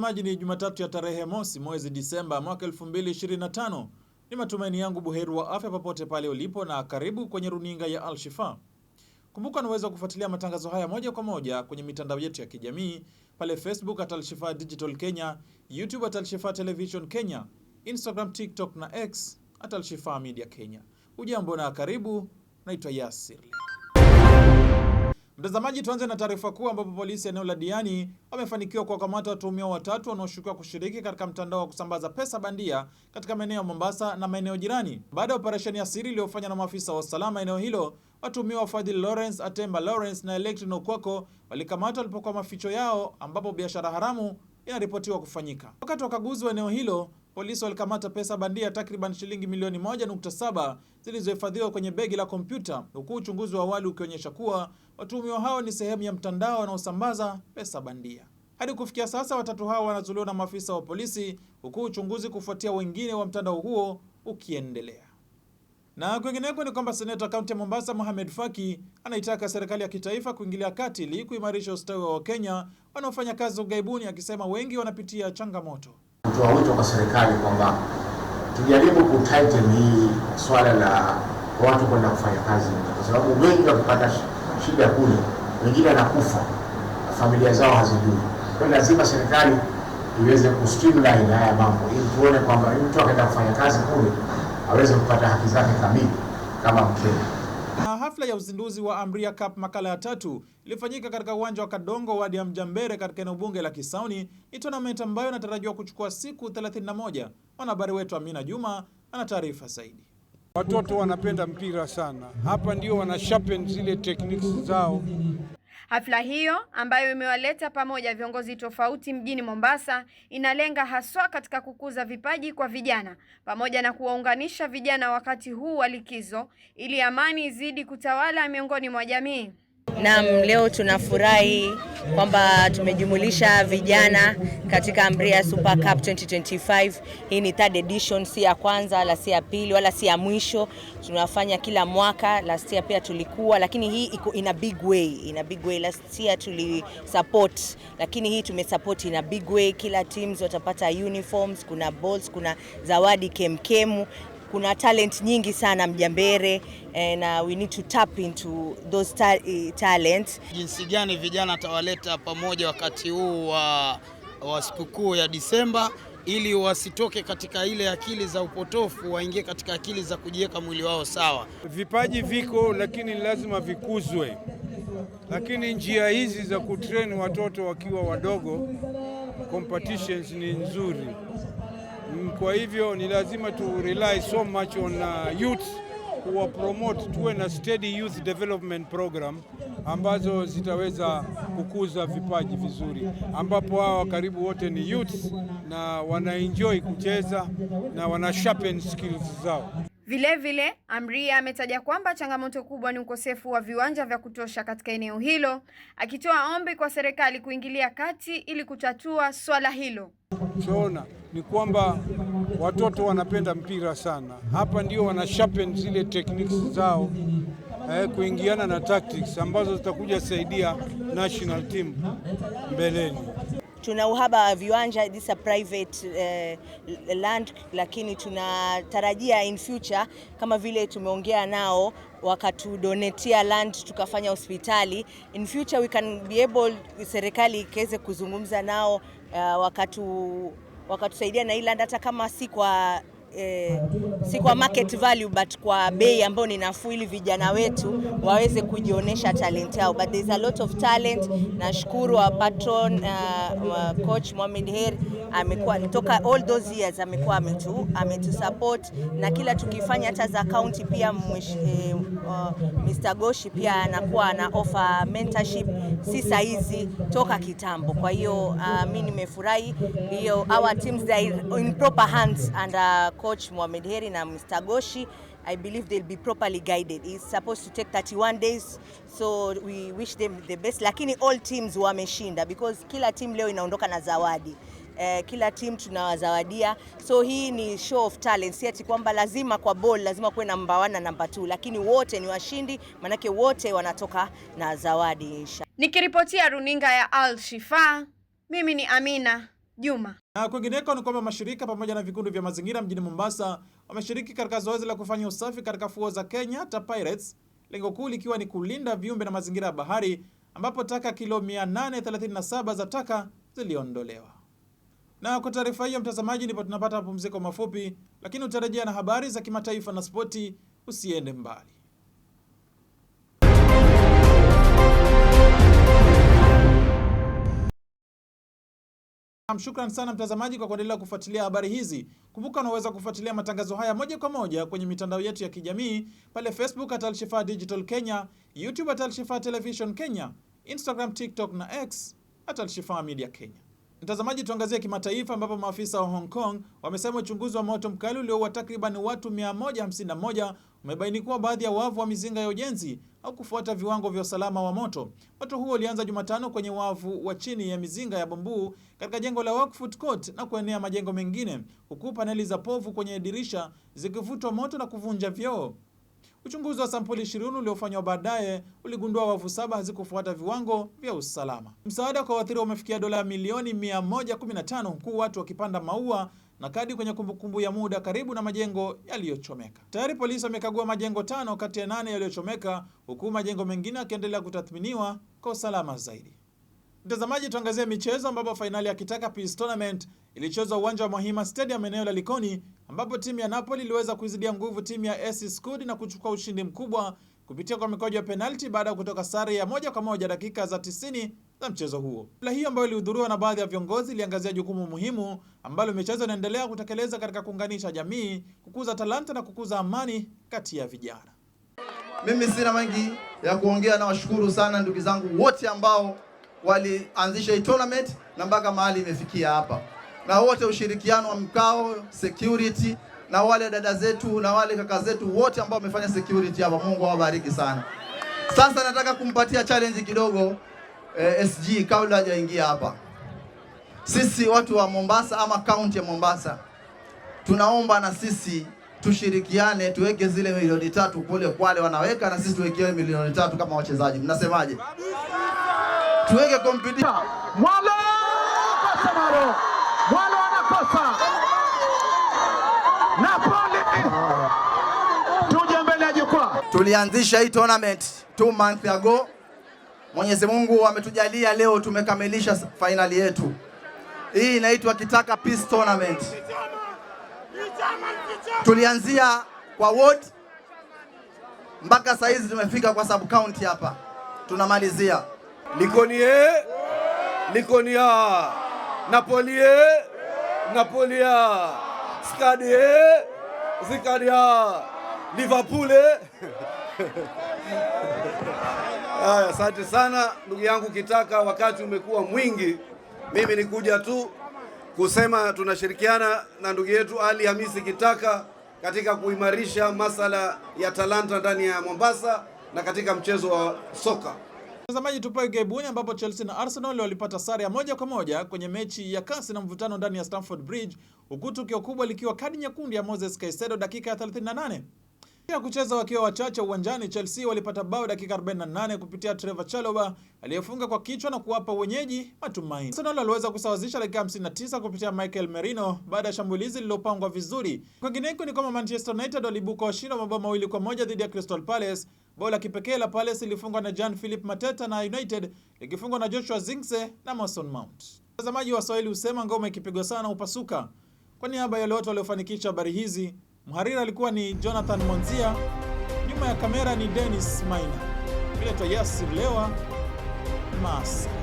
Mtazamaji, ni Jumatatu ya tarehe mosi mwezi Disemba mwaka 2025. Ni matumaini yangu buheri wa afya popote pale ulipo, na karibu kwenye runinga ya Alshifa. Kumbuka unaweza kufuatilia matangazo haya moja kwa moja kwenye mitandao yetu ya kijamii pale Facebook at Alshifa Digital Kenya, YouTube at Alshifa Television Kenya, Instagram, TikTok na X at Alshifa Media Kenya. Ujambo na karibu. Naitwa Yasir. Mtazamaji, tuanze na taarifa kuu ambapo polisi eneo la Diani wamefanikiwa kuwakamata watuhumiwa watatu wanaoshukiwa kushiriki katika mtandao wa kusambaza pesa bandia katika maeneo ya Mombasa na maeneo jirani. Baada ya operesheni ya siri iliyofanywa na maafisa wa usalama eneo hilo, watuhumiwa Fadhili Lawrence, Atemba Lawrence na Electrin Okwako walikamatwa walipokuwa maficho yao, ambapo biashara haramu inaripotiwa kufanyika. Wakati wa ukaguzi wa eneo hilo, polisi walikamata pesa bandia takriban shilingi milioni 1.7 zilizohifadhiwa kwenye begi la kompyuta, huku uchunguzi wa awali ukionyesha kuwa Watuhumiwa hao ni sehemu ya mtandao wanaosambaza pesa bandia. Hadi kufikia sasa watatu hao wanazuliwa na maafisa wa polisi, huku uchunguzi kufuatia wengine wa mtandao huo ukiendelea. Na kwingineko ni kwamba seneta kaunti ya Mombasa Mohamed Faki anaitaka serikali ya kitaifa kuingilia kati ili kuimarisha ustawi wa Wakenya wanaofanya kazi ughaibuni, akisema wengi wanapitia changamoto. Kutoa wito kwa serikali kwamba tujaribu kutighten hii swala la watu kwenda kufanya kazi, kwa sababu wengi wakipata shida kule, wengine wanakufa familia zao hazijui. Kwa hiyo lazima serikali iweze streamline haya mambo ili tuone kwamba mtu akaenda kufanya kazi kule aweze kupata haki zake kamili kama Mkenya. Na hafla ya uzinduzi wa Amria Cup makala ya tatu ilifanyika katika uwanja wa Kadongo wadi ya Mjambere katika eneo bunge la Kisauni. Ni tournament ambayo inatarajiwa kuchukua siku 31. Mwanahabari wetu Amina Juma ana taarifa zaidi. Watoto wanapenda mpira sana, hapa ndio wana sharpen zile techniques zao. Hafla hiyo ambayo imewaleta pamoja viongozi tofauti mjini Mombasa inalenga haswa katika kukuza vipaji kwa vijana pamoja na kuwaunganisha vijana wakati huu wa likizo ili amani izidi kutawala miongoni mwa jamii. Naam, leo tunafurahi kwamba tumejumulisha vijana katika Amria Super Cup 2025. Hii ni third edition, si ya kwanza wala si ya pili wala si ya mwisho. Tunafanya kila mwaka. Last year pia tulikuwa, lakini hii iko in a big way, in a big way. Last year tuli support, lakini hii support in a big way. Kila teams watapata uniforms, kuna balls, kuna zawadi kemkemu kuna talent nyingi sana Mjambere and uh, eh, we need to tap into those ta eh, talent. Jinsi gani vijana atawaleta pamoja wakati huu wa, wa sikukuu ya Disemba ili wasitoke katika ile akili za upotofu, waingie katika akili za kujiweka mwili wao sawa. Vipaji viko lakini lazima vikuzwe, lakini njia hizi za kutrain watoto wakiwa wadogo, competitions ni nzuri. Kwa hivyo ni lazima tu rely so much on uh, youth kuwa promote, tuwe na steady youth development program ambazo zitaweza kukuza vipaji vizuri, ambapo hawa karibu wote ni youths na wanaenjoy kucheza na wana sharpen skills zao. Vilevile, Amria ametaja kwamba changamoto kubwa ni ukosefu wa viwanja vya kutosha katika eneo hilo, akitoa ombi kwa serikali kuingilia kati ili kutatua swala hilo. Tunaona ni kwamba watoto wanapenda mpira sana, hapa ndio wana sharpen zile techniques zao eh, kuingiana na tactics ambazo zitakuja saidia national team mbeleni. Tuna uhaba wa viwanja, this a private uh, land, lakini tunatarajia in future kama vile tumeongea nao wakatudonetia land tukafanya hospitali in future we can be able, serikali ikaweze kuzungumza nao uh, wakatu wakatusaidia na hii land hata kama si kwa eh, si kwa market value but kwa bei ambayo ni nafuu, ili vijana wetu waweze kujionyesha talent yao, but there is a lot of talent. Nashukuru wa patron uh, wa coach Mohamed Her amekuwa toka all those years amekuwa ametu ametusupport na kila tukifanya hata za county pia mwish, eh, uh, Mr Goshi pia anakuwa ana offer mentorship si saizi, toka kitambo. Kwa hiyo uh, mi nimefurahi hiyo, our teams they are in proper hands under uh, coach Mohamed Heri na Mr Goshi. I believe they'll be properly guided. It's supposed to take 31 days so we wish them the best, lakini all teams wameshinda because kila team leo inaondoka na zawadi. Uh, kila team tunawazawadia, so hii ni show of talent, si ati kwamba lazima kwa ball lazima kuwe namba 1 na namba 2, lakini wote ni washindi, manake wote wanatoka na zawadi inshallah. Nikiripotia runinga ya Al Shifa, mimi ni Amina Juma. Na kwingineko ni kwamba mashirika pamoja na vikundi vya mazingira mjini Mombasa wameshiriki katika zoezi la kufanya usafi katika fuo za Kenya ta Pirates, lengo kuu likiwa ni kulinda viumbe na mazingira ya bahari, ambapo taka kilo 837 za taka ziliondolewa. Na kwa taarifa hiyo, mtazamaji, ndipo tunapata mapumziko mafupi, lakini utarejea na habari za kimataifa na spoti. Usiende mbali. Shukran sana mtazamaji kwa kuendelea kufuatilia habari hizi. Kumbuka unaweza kufuatilia matangazo haya moja kwa moja kwenye mitandao yetu ya kijamii pale Facebook at Alshifa Digital Kenya, YouTube at Alshifa Television Kenya, Instagram, TikTok na X at Alshifa Media Kenya. Mtazamaji, tuangazie kimataifa ambapo maafisa wa Hong Kong wamesema uchunguzi wa moto mkali ulioua takriban watu 151 umebaini kuwa baadhi ya wavu wa mizinga ya ujenzi au kufuata viwango vya usalama wa moto. Moto huo ulianza Jumatano kwenye wavu wa chini ya mizinga ya bambuu katika jengo la Wak Court na kuenea majengo mengine, huku paneli za povu kwenye dirisha zikivutwa moto na kuvunja vioo. Uchunguzi wa sampuli 20 uliofanywa baadaye uligundua wavu saba hazikufuata viwango vya usalama. Msaada kwa waathiriwa umefikia dola milioni 115 huku watu wakipanda maua na kadi kwenye kumbukumbu kumbu ya muda karibu na majengo yaliyochomeka. Tayari polisi wamekagua majengo tano kati ya nane yaliyochomeka huku majengo mengine yakiendelea kutathminiwa kwa usalama zaidi. Mtazamaji, tuangazie michezo ambapo fainali ya Kitaka Peace Tournament ilichezwa uwanja wa Mahima Stadium eneo la Likoni, ambapo timu ya Napoli iliweza kuizidia nguvu timu ya AS Skud na kuchukua ushindi mkubwa kupitia kwa mikojo ya penalti baada ya kutoka sare ya moja kwa moja dakika za 90 za mchezo huo. Hafla hiyo ambayo ilihudhuriwa na baadhi ya viongozi iliangazia jukumu muhimu ambalo michezo inaendelea kutekeleza katika kuunganisha jamii, kukuza talanta na kukuza amani kati ya vijana. Mimi sina mengi ya kuongea na washukuru sana ndugu zangu wote ambao walianzisha hii tournament na mpaka mahali imefikia hapa, na wote ushirikiano wa mkao security na wale dada zetu na wale kaka zetu wote ambao wamefanya security hapa, Mungu awabariki sana. Sasa nataka kumpatia challenge kidogo eh, SG kabla hajaingia hapa. Sisi watu wa Mombasa ama kaunti ya Mombasa tunaomba na sisi tushirikiane tuweke zile milioni tatu kule Kwale wanaweka, na sisi tuwekewe milioni tatu kama wachezaji. Mnasemaje? tuweke kompyuta. Mwalo kosa, Mwalo Mwalo anakosa Napoli. Tuje mbele ya jukwaa. Tulianzisha hii tournament two months ago. Mwenyezi Mungu ametujalia leo tumekamilisha finali yetu. Hii inaitwa Kitaka Peace Tournament. Tulianzia kwa ward mpaka saizi tumefika kwa sub county hapa tunamalizia. Likonie Likonia, Napolie Napolia, Skadie Zikadia, Liverpool. Haya, asante sana ndugu yangu Kitaka, wakati umekuwa mwingi. Mimi nikuja tu kusema tunashirikiana na ndugu yetu Ali Hamisi Kitaka katika kuimarisha masala ya talanta ndani ya Mombasa na katika mchezo wa soka. Mtazamaji, tupoe ugaibuni ambapo Chelsea na Arsenal walipata sare ya moja kwa moja kwenye mechi ya kasi na mvutano ndani ya Stamford Bridge, huku tukio kubwa likiwa kadi nyekundu ya Moses Caicedo dakika ya 38 ya kucheza wakiwa wachache uwanjani, Chelsea walipata bao dakika 48 kupitia Trevor Chalobah aliyefunga kwa kichwa na kuwapa wenyeji matumaini. Arsenal waliweza kusawazisha dakika 59 kupitia Michael Merino baada ya shambulizi lililopangwa vizuri. Kwingineko ni kwamba Manchester United waliibuka washindi wa mabao mawili kwa moja dhidi ya Crystal Palace Bao la kipekee la Palace lilifungwa na Jean Philip Mateta na United likifungwa na Joshua zinse na Mason Mount. mtazamaji wa Swahili husema ngoma ikipigwa sana upasuka Kwa niaba ya wote waliofanikisha habari hizi, mhariri alikuwa ni Jonathan Monzia, nyuma ya kamera ni Dennis Maina, vile Yasir Lewa Masa.